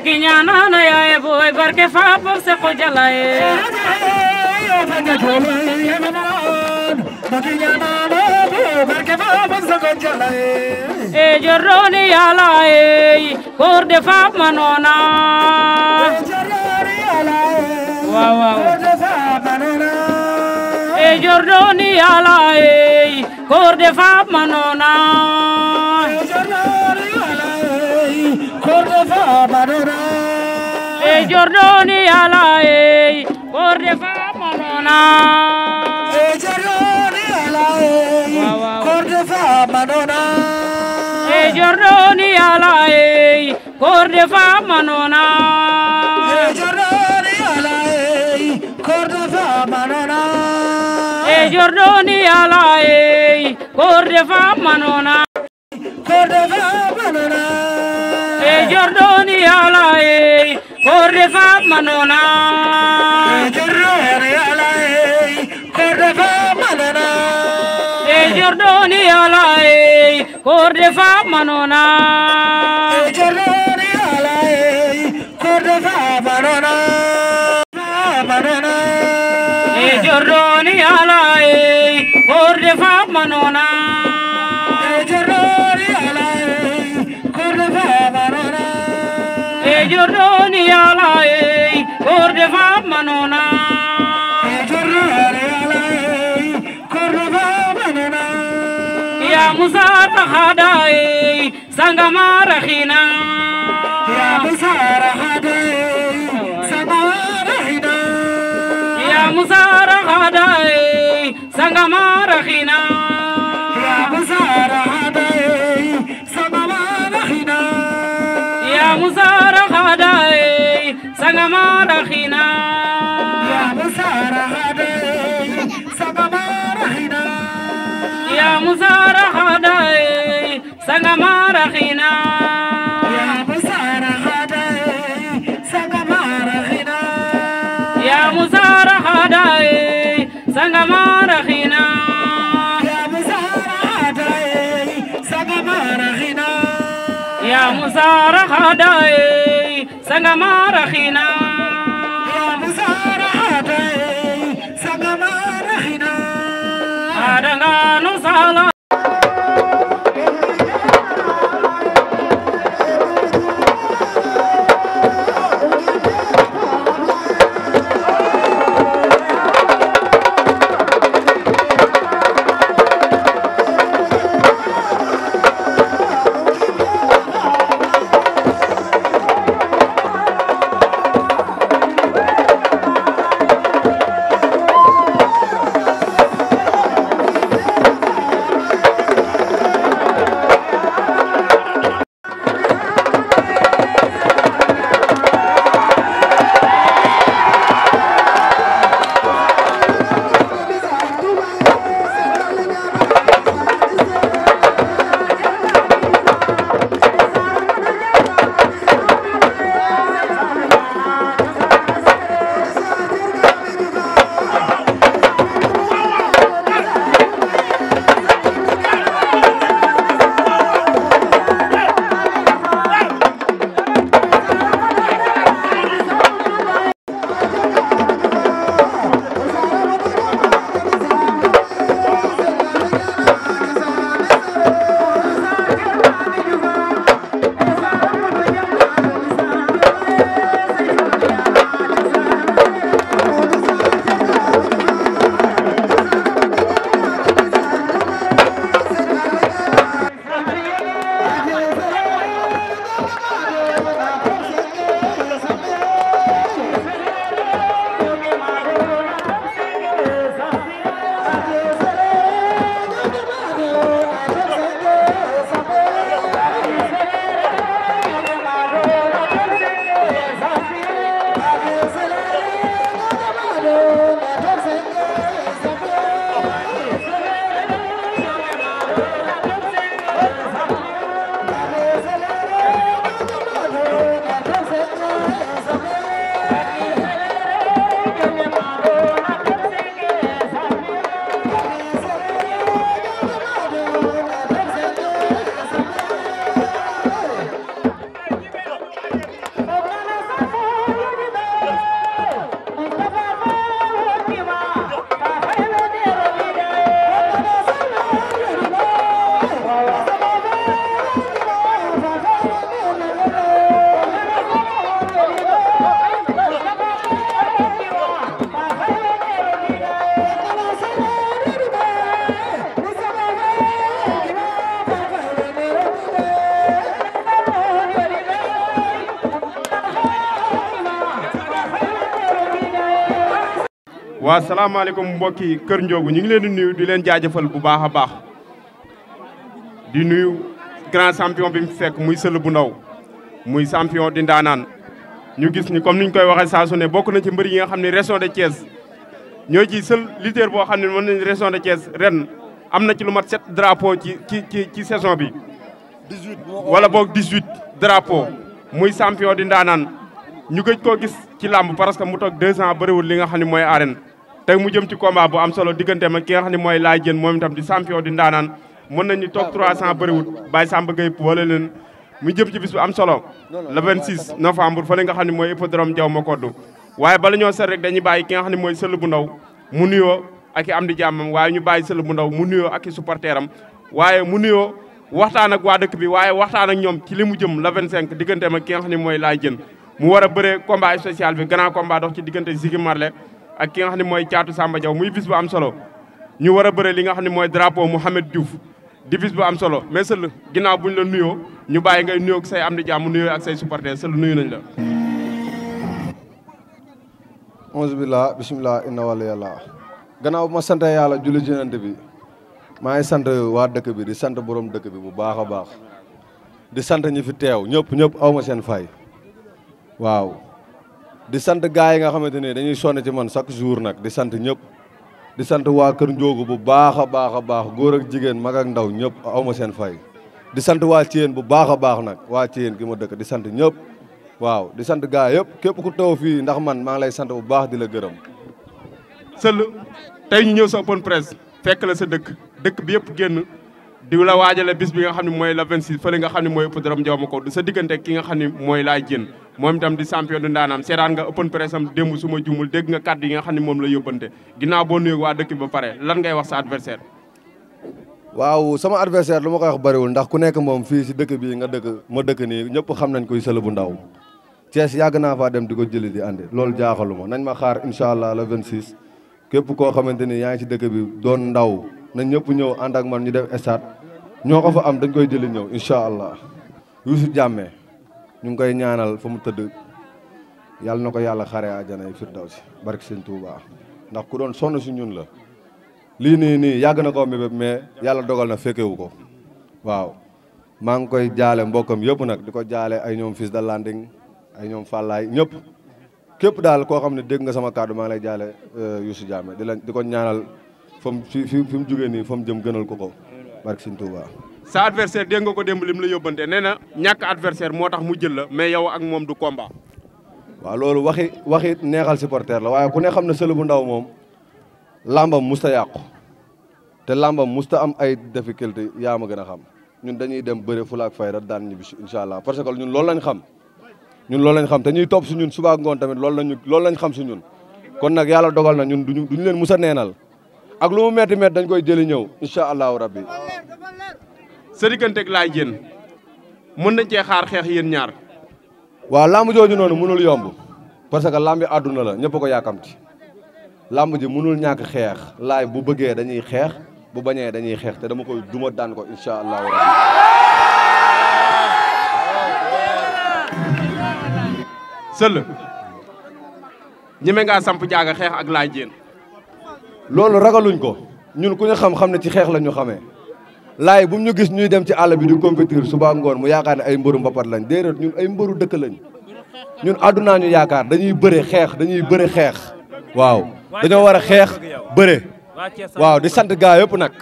ki ñaana na yaaye booy barke fa bopp se ko jalaye e jorroni yalaye korde fa manona waaw waaw e jorroni yalaye korde fa manona e jordoni ala e korde famanona e jordoni ala e korde famanona e jordoni ala e korde famanona e jordoni ala e korde famanona e jordoni ala e korde famanona korde famanona jordoni alaye korde fab manona jordoni alaye korde fab manona e jordoni alaye korde fab manona jordoni alaye korde fab manona manona e jordoni alaye korde fab manona e ala ye kor defa manona ya musa tahada ye sangama rahina ya musa rahada ye sangama rahina ya musa rahada ye يا مزارع داي سنغمار خينا يا مزارع داي سنغمار خينا أدعى نصلا waaw salaamaaleykum mbokki Kër Ndiogou ñu ngi leen di nuyu di leen jaajëfal bu baax baax di nuyu grand champion bi mu fekk muy sël bu ndaw muy champion di ndaanaan ñu gis ni comme niñ koy waxee saa su ne bokk na ci mbër yi nga xam ne région de Thiès ñoo ci seul lutteur boo xam ne mën nañ région de Thiès ren am na ci lu mat sept drapeau ci ci ci ci saison bi. 18 wala boog 18 drapeau muy champion di ndaanaan ñu gëj koo gis ci làmb parce que mu toog deux ans bëriwul li nga xam ne mooy arène. tey mu jëm ci combat bu am solo digganteem ak ki nga xam ne mooy Laye Diène moom itam di champion di ndaanaan mën nañu toog 300 bëriwut Baye Samba Gueye wala leen mu jëm ci bis am solo le 26 novembre fële nga xam ne mooy hippodrome jaw Makoddu waaye bala ñoo seet rek dañuy bàyyi ki nga xam ne mooy sël bu ndaw mu nuyoo ak i am di jàmmam waaye ñu bàyyi sël bu ndaw mu nuyoo ak i supporteram waaye mu nuyoo waxtaan ak waa dëkk bi waaye waxtaan ak ñoom ci li mu jëm le 25 digganteem ak ki nga ne mooy Laye Diène war a bëree combat bi grand combat dox ci diggante Ziggy Marley ak ki nga xam ne mooy caatu Samba Diaw muy bis bu am solo ñu war a bëre li nga xam ne mooy drapeau Mouhamed Diouf di bis bu am solo mais sël ginnaaw bu ñu la nuyoo ñu bàyyi ngay nuyoo ak say am di jàmm nuyoo ak say supporters sël nuyu nañ la onze billah bisimilah inna wala yàlla gannaaw bu ma sant yàlla julli jinante bi maa ngi sant waa dëkk bi di sant borom dëkk bi bu baax a baax di sant ñi fi teew ñëpp aw ma seen fay waaw di sant gars yi nga xamante ne dañuy sonn ci man chaque jour nag di sant ñëpp di sant waa kër Ndiogou bu baax a baax a baax góor ak jigéen mag ak ndaw ñëpp awma seen fay di sant waa ci yéen bu baax a baax nag waa Thiène gi ma dëkk di sant ñëpp waaw di sant gars yëpp képp ku taw fii ndax man maa ngi lay sant bu baax di la gërëm sëll tey ñu ñëw sa open presse fekk la sa dëkk dëkk bi yëpp génn diw la waajale bis bi nga xam ne mooy la 26 fële nga xam ne mooy ëpp dërëm jaw ma ko du sa nga xam ne mooy laay jën moom itam di champion du ndaanaam seetaan nga open press am suma su jumul dégg nga kàddu yi nga xam ne moom la yóbbante ginaa boo nuyu waa dëkk ba pare lan ngay wax sa adversaire waaw sama adversaire lu ma ko wax bëriwul ndax ku nekk moom fii si dëkk bii nga dëkk ma dëkk nii ñëpp xam nañ koy sëla bu ndaw Thiès yàgg naa faa dem di ko jëli di andi loolu jaaxalu ma nañ ma xaar incha allah le 26 képp koo xamante ni yaa ngi si dëkk bi doon ndaw na ñëpp ñëw ànd ak man ñu def stade ñoo ko fa am dañ koy jëli ñëw incha allah Youssou Diame ñu ngi koy ñaanal fa mu tëdd yàlla na ko yàlla xare àjjana yi firdawsi barke sëñ Tuuba ndax ku doon sonn si ñun la lii nii nii yàgg na ko mébéb mais yàlla dogal na fekkewu ko waaw maa ngi koy jaale mbokkam yëpp nag di ko jaale ay ñoom fils de ay ñoom fàllaay ñëpp képp daal koo xam ne dégg nga sama kàddu maa ngi lay jaale euh, Youssou Diame di la di ko ñaanal fa mu fi fi mu jógee nii fa mu jëm gënal ko ko barke Sëñ sa adversaire dégg nga ko démb lim la yóbbante nee na ñàkk adversaire moo tax mu jël la mais yow ak moom du combat waaw loolu waxi waxi neexal supporter la waaye ku ne xam ne sëlu bu ndaw moom làmba mu musta yàqu te mu musta am ay difficulté yaa ma gën a xam ñun dañuy dem bëre fula ak fayda daan ñibbisi incha allah parce que ñun loolu lañ xam ñun loolu lañ xam te ñuy topp su ñun suba ak ngoon tamit loolu lañ loolu lañ xam su ñun kon nag yàlla dogal na ñun duñu duñu leen musa neenal ak lu mu metti metti dañ koy jëli ñëw incha allahu rabbi. sa digganteeg laay jéen mën nañ cee xeex yéen ñaar. waaw làmb jooju noonu mënul yomb parce que làmb bi àdduna la ñëpp ko yàkkamti làmb ji mënul ñàkk xeex laay bu bëggee dañuy xeex bu bañee dañuy xeex te dama koy duma daan ko incha allahu rabbi. sël ñeme ngaa samp jaaga xeex ak laay jéen. loolu ragaluñ ko ñun ku ñu xam-xam ne ci xeex la ñu xamee laay bu ñu gis ñuy dem ci àll bi di compétir suba ngoon mu yaakaar ne ay mbëru mbapat lañ déedéet ñun ay mbëru dëkk lañ ñun àddunaa ñu yaakaar dañuy bëre xeex dañuy bëre xeex waaw dañoo war a xeex bëre waaw di sant gaa yëpp nag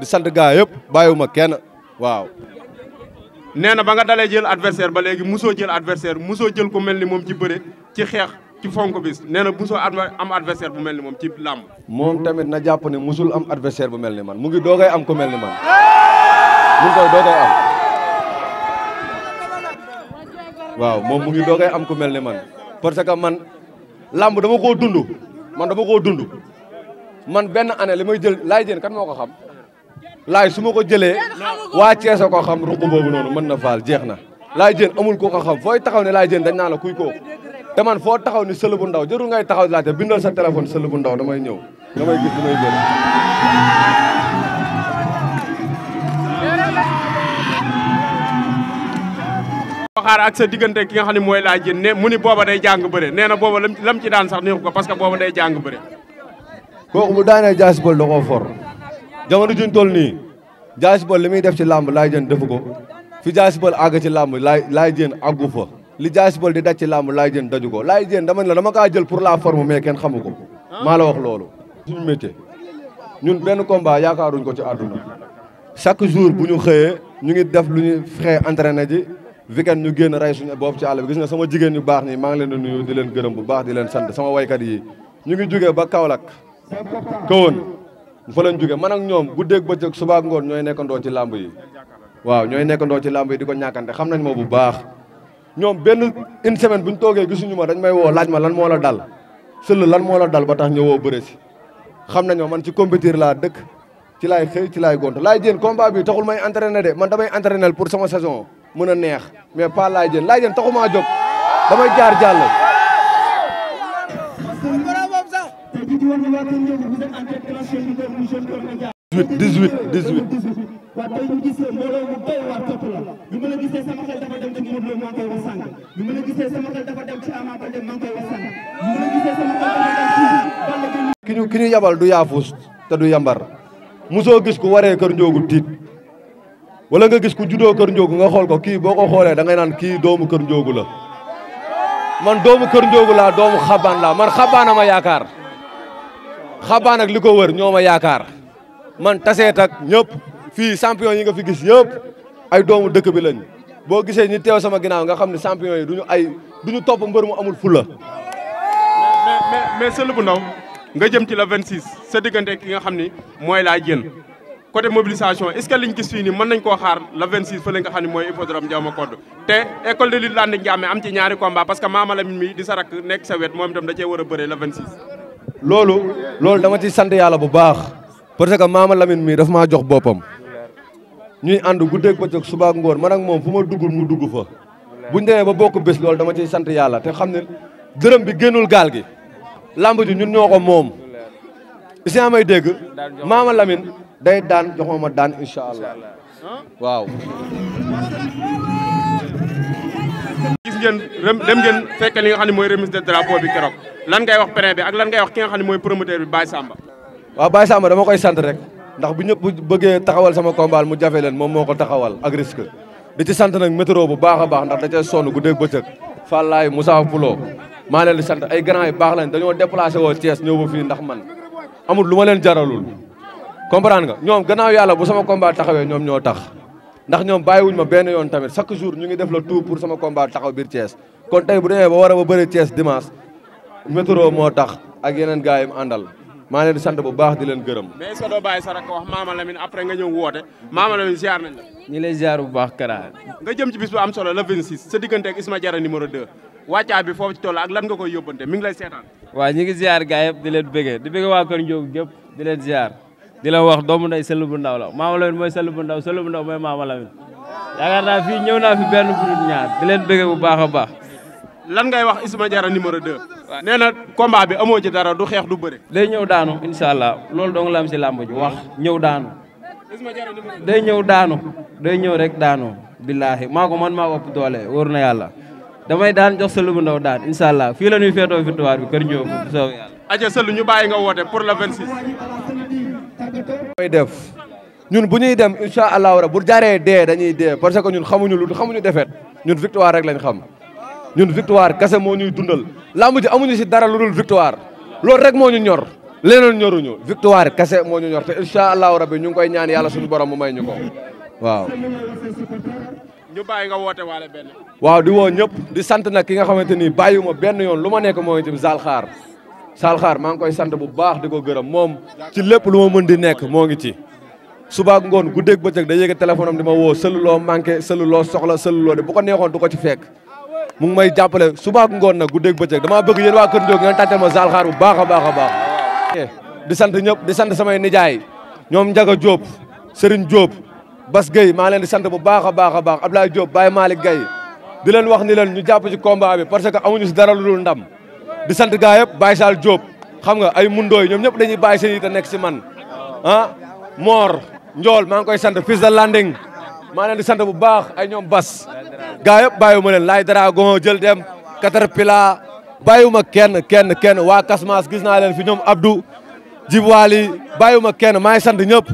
di sant gaa yëpp bàyyiwuma kenn waaw nee na ba nga dalee jël adversaire ba léegi musoo jël adversaire musoo jël ko mel ni moom ci bëre ci xeex ci fonk bis nee na busoo am adversaire bu mel ni moom cib làmb moom tamit na jàpp ne musul am adversaire bu mel ni man mu ngi doogay am ku mel ni man mu ngi koy doogay am waaw am ku mel ni man parce que man lamb dama koo dund man dama koo dund man benn année li may jël laay jën kan moo ko xam laay su ma ko jëlee waa Cees ko xam ruq boobu noonu mën na faal jeex na laay jën amul ko xam fooy taxaw ne laay jën dañ naa la kuy koo te man foo taxaw ni sël bu ndaw jëru ngay taxaw di laajte bindal sa téléphone sël bu ndaw damay ñëw damay gis damay jël waxaar ak sa diggante ki nga xam ne mooy laa jën mu ni booba day jàng bëre nee na booba lam ci daan sax neexu ko parce que booba day jàng bëre kooku bu daanee jaasi bol da koo for jamono juñ nii jaasi bol li muy def ci làmb laay jën defu ko fi jaasi bol àgg ci làmb laay laay jën àggu fa li Diass Peulh di daj ci làmb Laye Diène daju ko Laye Diène dama ne la dama kaa jël pour la forme mais kenn xamu ko maa la wax loolu. suñu métier ñun benn combat yaakaaruñ ko ci àdduna chaque jour bu ñu xëyee ñu ngi def lu ñu xëy entraîné ji weekend ñu génn rey suñu bopp ci àll bi gis nga sama jigéen ñu baax nii maa ngi leen di nuyu di leen gërëm bu baax di leen sant sama waykat yi ñu ngi jógee ba Kaolack kawoon fa lañ jóge man ak ñoom guddeeg bëccëg suba ak ngoon ñooy nekkandoo ci làmb yi waaw ñooy nekkandoo ci làmb di ko ñàkkante xam nañ moo bu baax ñoom benn une semaine bu ñu toogee gisuñu ma dañ may woo laaj ma lan moo la dal sëll lan moo la dal ba tax ñëwoo bëre si xam nañoo man ci compétir laa dëkk ci laay xëy ci laay gont laay jéen combat bi taxul may entraîner de man damay entraîner pour sama saison mën a neex mais pas laay jéen laay jéen maa jóg damay jaar jàll dix-huit dix waaw tey ñu ki ñu yabal du yaafus te du yambar mosoo gis ku waree kër njoogu tiit wala nga gis ku judoo kër njoogu nga xool ko kii boo ko xoolee da ngay naan kii doomu kër njoogu man doomu kër njoogu laa doomu xabaan laa man xabaana ma yaakaar xabaan li ko wër ñoo yaakaar man taseetak ak ñëpp fii champion yi nga fi gis yëpp ay doomu dëkk bi lañ boo gisee ñi teew sama ginaaw nga xam ne champion yi ñu ay duñu topp mbër mu amul fula. mais mais Seul nga jëm ci la 26 sa diggante ki nga xam ni mooy laa jën côté mobilisation est ce que liñ gis fii nii mën nañ ko xaar la 26 fële nga xam ne mooy hippodrome Ndiawma Codou te école de lutte Landing am ci ñaari combat parce que Mama Lamine mi di sa nekk sa wet moom itam da cee war a bëree la 26. loolu loolu dama ciy sant yàlla bu baax parce que Mama Lamine mi daf maa jox boppam. ñuy ànd guddeeg bëccëg suba ak ngoon man ak moom fu ma duggul mu dugg fa buñ demee ba bokk bés lool dama ciy sant yàlla te xam ne dërëm bi génnul gaal gi lamb ji ñun ñoo ko moom isi may dégg maama Lamine day daan jox ma daan incha allah waaw gis ngeen dem ngeen fekk li nga xam ne mooy remise de drapeau bi keroog lan ngay wax parrain bi ak lan ngay wax ki nga ne mooy promoteur bi Baye Samba waaw Baye Samba dama koy sant rek ndax bu ñëpp bëggee taxawal sama combat mu jafe leen moom moo ko taxawal ak di ci sant nag météo bu baax a baax ndax da cee sonn guddeeg bëccëg Fallaay Moussa Poulo maa leen li sant ay grand yi baax lañ dañoo déplacé woo cees ñëw ba fii ndax man amul lu ma leen jaralul comprendre nga ñoom gannaaw yàlla bu sama combat taxawee ñoom ñoo tax ndax ñoom bàyyiwuñ ma benn yoon tamit chaque jour ñu ngi def la tout pour sama combat taxaw biir Thiès kon tey bu demee ba war a ba bëri Thiès dimanche météo moo tax ak yeneen gars yi mu àndal maa leen di sant bu baax di leen gërëm. mais est-ce que doo bàyyi sa rakk wax Mama Lamine après nga ñëw woote Mama Lamine ziar nañ la. ñu ngi lay nga jëm ci bis am solo la 26 sa diggante ak Isma Diarra numéro 2 wàccaa bi foofu ak lan nga ko yóbbante mi ngi lay seetaan. waaw ñu ngi ziar gars yëpp di leen bëggee di bëggee waa Kër Ndiogou gépp di leen ziar di la wax doomu nday sëll bu ndaw la Mama Lamine mooy sëll bu ndaw sëll bu ndaw mooy Mama Lamine. naa fii ñëw di leen bëggee bu baax a baax lan ngay wax Isma jara numéro 2. nee na combat bi amoo ci dara du xeex du bëre. day ñëw daanu incha allah loolu dong la am si làmb ji wax ñëw daanu. Isma day ñëw daanu. day ñëw rek daanu. billaahi maa ko man maa doole wóor na yàlla. damay daan jox sa lu mu ndaw daan incha allah fii la ñuy feetoo victoire bi kër Ndiob bu soobee yàlla. aja sëlu ñu bàyyi nga woote pour le 26. koy def ñun bu ñuy dem incha allah bu jaaree dee dañuy dee parce que ñun xamuñu lu xamuñu defet ñun victoire rek lañ xam. ñun victoire kese moo ñuy dundal làmb ji amuñu si dara lu dul victoire loolu rek moo ñu ñor leneen ñoruñu victoire kese moo ñu ñor te incha allahu rabbi ñu ngi koy ñaan yàlla suñu borom mu may ñu ko waaw. ñu bàyyi nga woote waale benn. waaw di woo ñëp di sant nag ki nga xamante ni bàyyiwuma benn yoon lu ma nekk moo ngi salxaar Zal Xaar Zal ngi koy sant bu baax di ko gërëm moom ci lépp lu ma mën di nekk moo ngi ci. subaak ngoon guddeeg bëccëg day yëge téléphone am di ma woo sëlu loo manqué sëlu soxla sëlu de bu ko neexoon du ko ci fekk. mu ngi may jàppale suba ak ngoon nag guddeeg bëccëg damaa bëgg yéen waa Kër Ndiog ngeen ma Zal Xaar bu baax a baax a baax. Eh, di sant ñëpp di sant samay nijaay ñoom Ndiaga Diop Serigne Diop Bas Gueye maa leen di sant bu baax a baax a baax Abdoulaye Diop Baye Malick Gueye di leen wax ni leen ñu jàpp ci combat bi parce que amuñu si dara lu dul ndam di sant gaa yëpp Baye Sall Diop xam nga ay mundooy ñoom ñëpp dañuy bàyyi seen yi nekk si man ah Mor Ndiol maa ngi koy sant fils de gaa yëpp bàyyiwuma leen dara dragon jël dem caterpillar bàyyiwuma kenn kenn kenn waa Kasmaas gis naa leen fi ñoom Abdou Djibwali bàyyiwuma kenn maa ngi sant ñëpp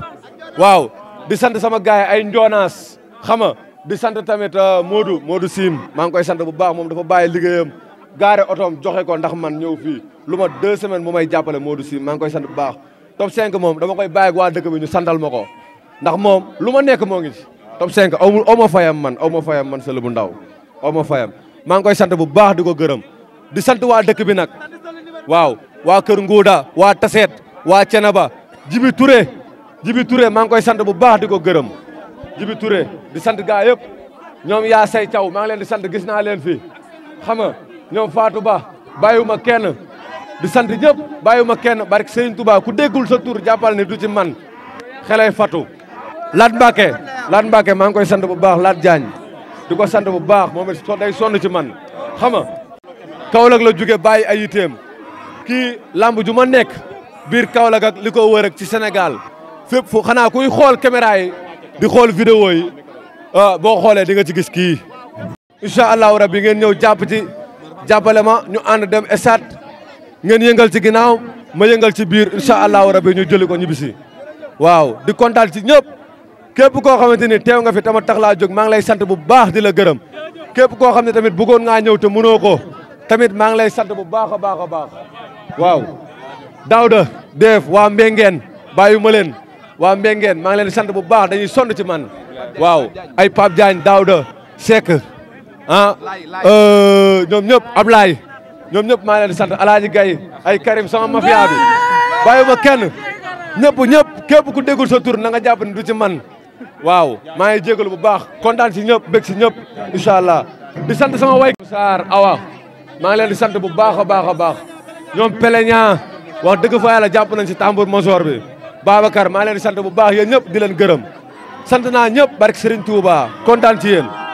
waaw di sant sama gaay ay Njonaas xam nga di sant tamit euh, Modou Modou Sim maa ngi koy sant bu baax moom dafa bàyyi liggéeyam gaare otoom joxe ko ndax man ñëw fii lu ma deux semaines mu may jàppale Modou Sim maa ngi koy sant bu baax top 5 moom dama koy bàyyi ak waa dëkk ñu santal ma ko ndax moom lu ma nekk moo ngi ci top 5 aw aw ma man aw ma fayam man Seulleu Bou Ndaw aw ma fayam maa ngi koy sant bu baax di ko gërëm di sant waa dëkk bi nag waaw waa Kër Nguuda waa Taseet waa Cenaba Jibi Touré Jibi Touré maa ngi koy sant bu baax di ko gërëm Jibi Touré di sant gaa yëpp ñoom yaa say caw maa ngi leen di sant gis naa leen fii xam nga ñoom Fatou Ba bàyyiwuma kenn di sant ñëpp bàyyiwuma kenn barke Serigne Touba ku déggul sa tur jàppal ne du ci man xelay fatu Lat Mbacke laat Mbacke maa ngi koy sant bu baax Lat Diagne di ko sant bu baax moom it day sonn ci man xam nga Kaolack la jóge bàyyi ay yiteem kii lamb ju ma nekk biir Kaolack li ko wër ak ci senegal fépp fu xanaa kuy xool caméra yi di xool vidéo ah, boo xoolee di nga ci gis kii incha allahu rabbi ngeen ñëw jàpp ci jàppale ma ñu ànd dem esat ngeen yëngal ci ginnaaw ma yëngal ci biir incha allahu rabbi ñu jëli ko ñibbisi waaw di kontaan ci ñëpp képp koo xamante ni teew nga fi tama tax laa jóg maa ngi lay sant bu baax di la gërëm képp koo xam ne tamit bëggoon ngaa ñëw te mënoo ko tamit maa ngi lay sant bu baax a baax a baax waaw Daouda Deef waa Mbengeen bàyyi ma leen waa Mbengeen maa ngi leen sant bu baax dañuy sonn ci man waaw ay Pape Diagne Daouda Seck ah euh, ñoom ñëpp Ablaye ñoom ñëpp maa leen di sant Alaaji Gaye ay Karim sama mafia bi bàyyi ma kenn ñëpp ñëpp képp ku déggul sa tur na nga jàpp ne du ci man waaw maa ngi jégalu bu baax kontaan si ñëpp bég si ñëpp incha allah di sant sama way Sarr awa maa ngi leen di sant bu baax a baax a baax ñoom peleña wax dëgg fa yàlla jàpp nañ si tambour mosoor bi Babacar maa leen di sant bu baax yéen ñëpp di leen gërëm sant naa ñëpp barke Serigne Touba kontaan ci yéen